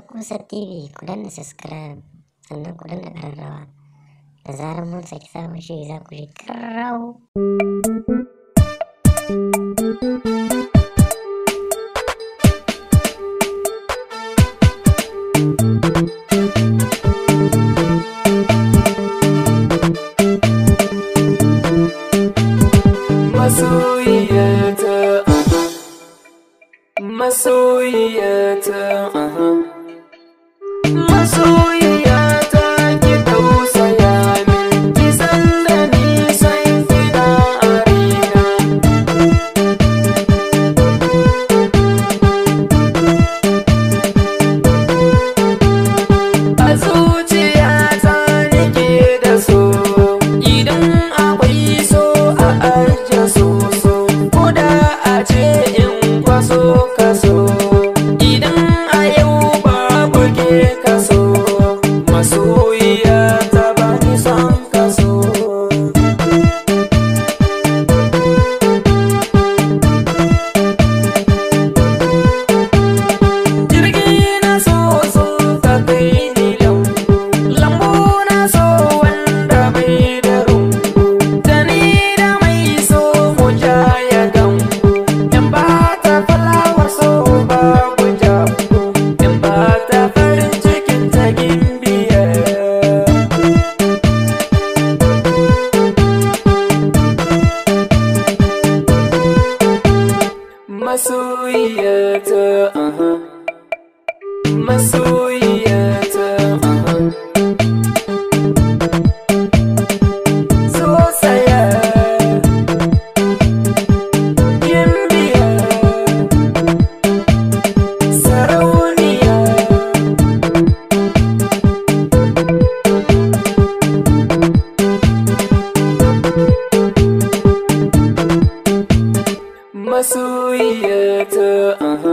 تكوسة في كلنا سسكراب أنا كلنا كرروا نزار موسى كساوي شي يزاكو paso masoyiyata aha masoyiyata masoyiyata aha